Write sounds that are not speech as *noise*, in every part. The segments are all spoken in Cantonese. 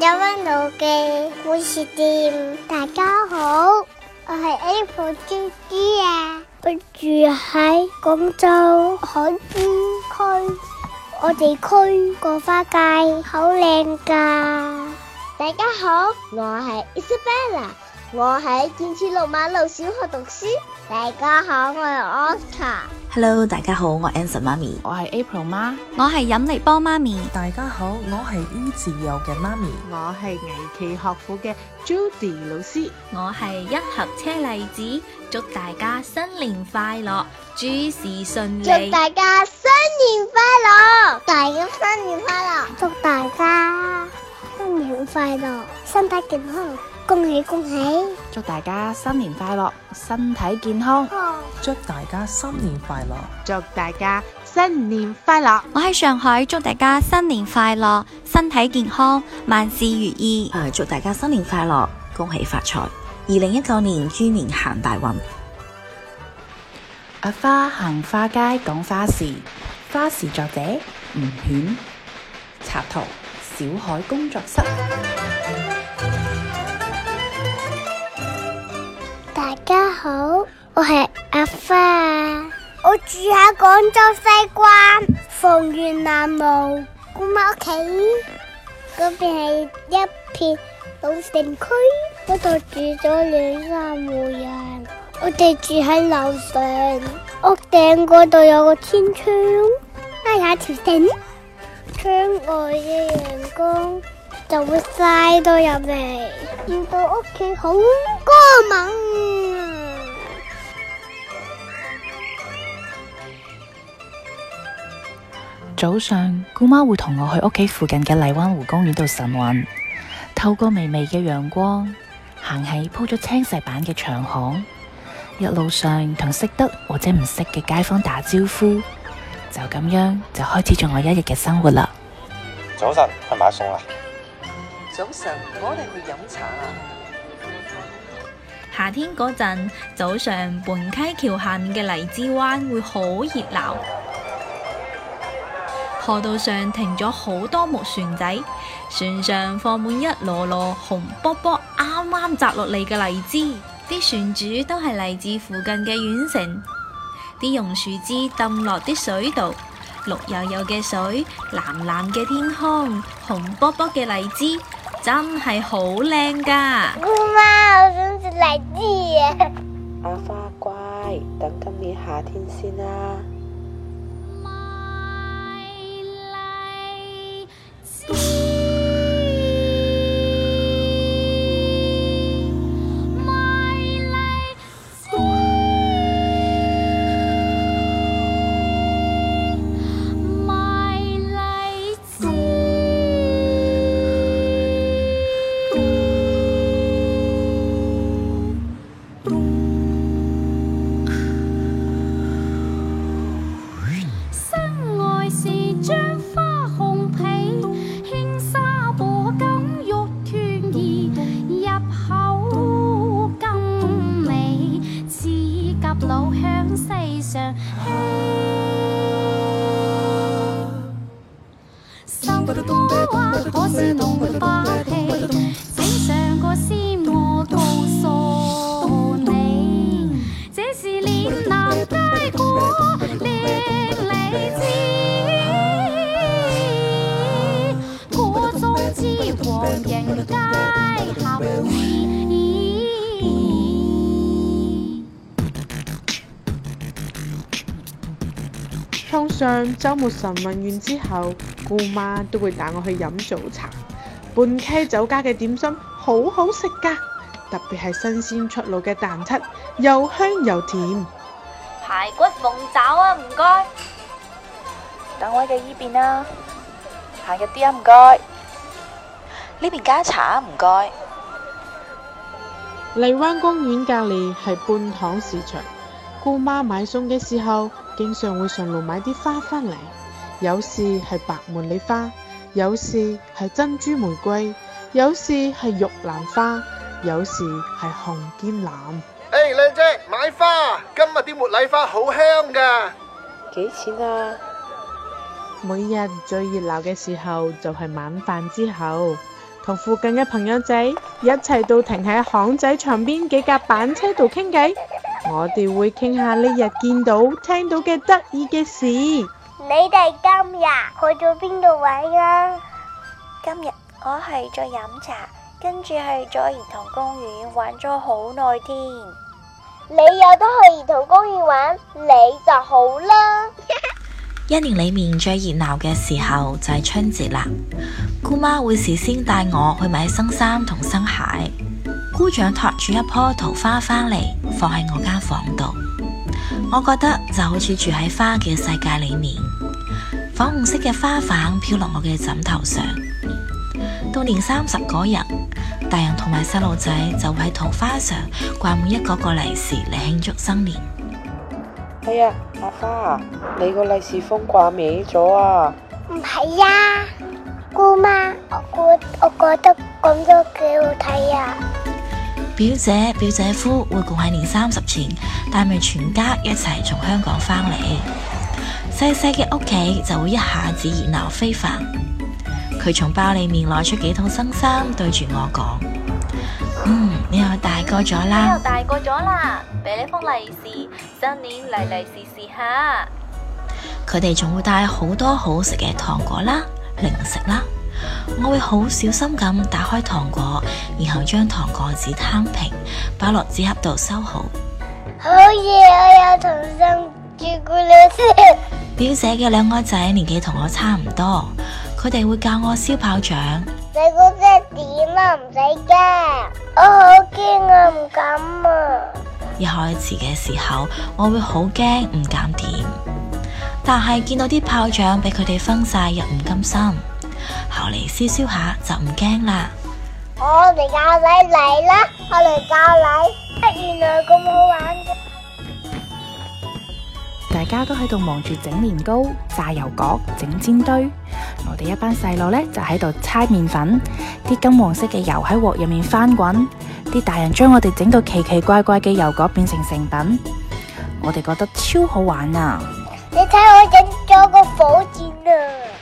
有溫度嘅故事店，大家好，我係 Apple 豬豬啊！我住喺廣州海珠區，我哋區個花街好靚㗎。大家好，我係 Isabella。我喺建設六馬路小學讀書。大家好，我係 Oscar。Hello，大家好，我係 Anson 媽咪。我係 April 媽。我係引力波媽咪。大家好，我係于自由嘅媽咪。我係圍棋學府嘅 Judy 老師。我係一盒車厘子。祝大家新年快樂，諸事順利。祝大家新年快樂，大家新年快樂。祝大家新年快樂，身體健康。恭喜恭喜！恭喜，祝大家新年快樂，身體健康。祝大家新年快樂，祝大家新年快樂。我喺上海，祝大家新年快樂，身體健康，萬事如意。祝大家新年快樂，恭喜發財。二零一九年豬年行大運。阿花行花街講花事，花事作者吳犬，插圖小海工作室。廣州西關逢源南路姑媽屋企嗰邊係一片老城區，嗰度住咗兩三戶人。我哋住喺樓上，屋頂嗰度有個天窗，拉下條繩，窗外嘅陽光就會曬到入嚟，令到屋企好光猛。早上，姑媽會同我去屋企附近嘅荔灣湖公園度晨運，透過微微嘅陽光，行喺鋪咗青石板嘅長巷，一路上同識得或者唔識嘅街坊打招呼，就咁樣就開始咗我一日嘅生活啦。早晨，去買餸啦！早晨，我哋去飲茶啦。夏天嗰陣，早上泮溪橋下面嘅荔枝灣會好熱鬧。河道上停咗好多木船仔，船上放滿一籮籮紅卜卜啱啱摘落嚟嘅荔枝。啲船主都係嚟自附近嘅縣城。啲榕樹枝抌落啲水度，綠油油嘅水，藍藍嘅天空，紅卜卜嘅荔枝，真係好靚噶！姑媽，我想食荔枝啊！阿花乖，等今年夏天先啦。世上。上周末晨運完之後，姑媽都會帶我去飲早茶。半溪酒家嘅點心好好食㗎，特別係新鮮出爐嘅蛋撻，又香又甜。排骨鳳爪啊，唔該。等我嘅呢邊啦，行入啲啊，唔該。呢邊加茶啊，唔該。荔灣公園隔籬係半塘市場，姑媽買餸嘅時候。經常會上路買啲花翻嚟，有時係白茉莉花，有時係珍珠玫瑰，有時係玉蘭花，有時係紅劍蘭。誒、hey，靚姐買花，今日啲茉莉花好香噶，幾錢啊？每日最熱鬧嘅時候就係、是、晚飯之後，同附近嘅朋友仔一齊到停喺巷仔牆邊幾架板車度傾偈。我哋會傾下呢日見到、聽到嘅得意嘅事。你哋今日去咗邊度玩啊？今日我去咗飲茶，跟住去咗兒童公園玩咗好耐添。你又都去兒童公園玩，你就好啦。 *laughs* 一年裏面最熱鬧嘅時候就係春節啦。姑媽會事先帶我去買新衫同新鞋。姑丈托住一棵桃花返嚟，放喺我間房度。我覺得就好似住喺花嘅世界裏面。粉紅色嘅花粉飄落我嘅枕頭上。到年三十嗰日，大人同埋細路仔就會喺桃花上掛滿一個一個利是嚟慶祝新年。係啊、哎，阿花，你個利是封掛歪咗啊？唔係呀，姑媽，我覺我覺得咁都幾好睇啊！表姐、表姐夫會共喺年三十前帶埋全家一齊從香港翻嚟，細細嘅屋企就會一下子熱鬧非凡。佢從包裏面攞出幾套新衫，對住我講：嗯，你又大個咗啦，又大個咗啦，俾你封利是，新年利利是是吓。」佢哋仲會帶好多好食嘅糖果啦、零食啦。我會好小心咁打開糖果，然後將糖果紙攤平，擺落紙盒度收好。好嘢！我有糖心朱古力先。 *laughs* 表姐嘅兩個仔年紀同我差唔多，佢哋會教我燒炮仗。你嗰隻點啊？唔使驚，我好驚啊，我唔敢啊。一開始嘅時候，我會好驚，唔敢點，但係見到啲炮仗俾佢哋分晒，又唔甘心。後嚟燒燒下就唔驚啦。我嚟教你嚟啦，我嚟教你。原來咁好玩嘅，大家都喺度忙住整年糕、炸油角、整煎堆。我哋一班細路呢，就喺度猜麵粉，啲金黃色嘅油喺鑊入面翻滾，啲大人將我哋整到奇奇怪怪嘅油角變成成品，我哋覺得超好玩啊！你睇我整咗個火箭啊！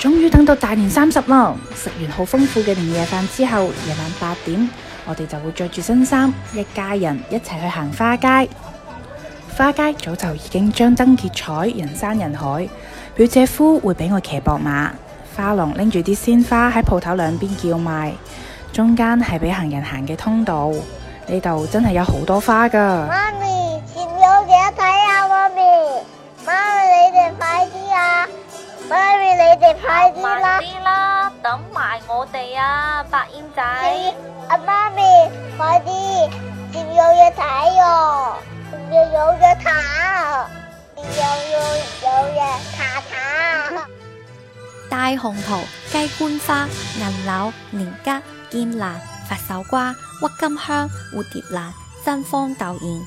終於等到大年三十啦！食完好豐富嘅年夜飯之後，夜晚八點，我哋就會着住新衫，一家人一齊去行花街。花街早就已經張燈結彩，人山人海。表姐夫會俾我騎膊馬，花農拎住啲鮮花喺鋪頭兩邊叫賣，中間係俾行人行嘅通道。呢度真係有好多花噶。媽咪，前我嚟睇下，媽咪，媽咪，你哋快啲！媽咪，你哋快啲啦！快啲啦，等埋我哋啊，白煙仔！阿媽咪，快啲！仲有嘢睇哦，有有嘢睇，有有有嘢睇。大紅桃、雞冠花、銀柳、年桔、劍蘭、佛手瓜、鬱金香、蝴蝶蘭、爭芳鬥艷，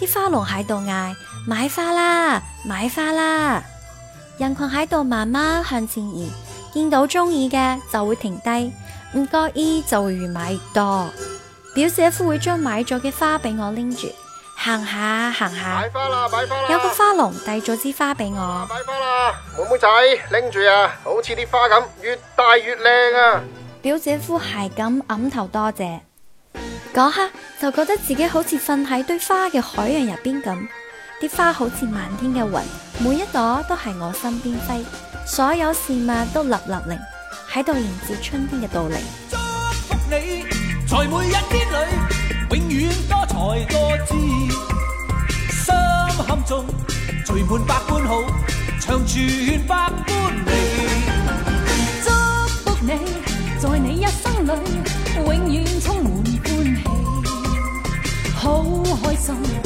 啲花農喺度嗌：買花啦，買花啦！人群喺度慢慢向前移，見到中意嘅就會停低，唔覺意就會越買越多。表姐夫會將買咗嘅花俾我拎住，行下行下買。買花啦！買花啦！有個花農遞咗支花俾我。買花啦，妹妹仔，拎住啊，好似啲花咁，越大越靚啊！表姐夫係咁揞頭多謝，嗰刻就覺得自己好似瞓喺堆花嘅海洋入邊咁。啲花好似漫天嘅雲，每一朵都係我身邊飛，所有事物都立立靈，喺度迎接春天嘅到嚟。祝福你，在每一天裏永遠多才多姿，心坎中隨滿百般好，長住百般美。祝福你，在你一生裏永遠充滿歡喜，好開心。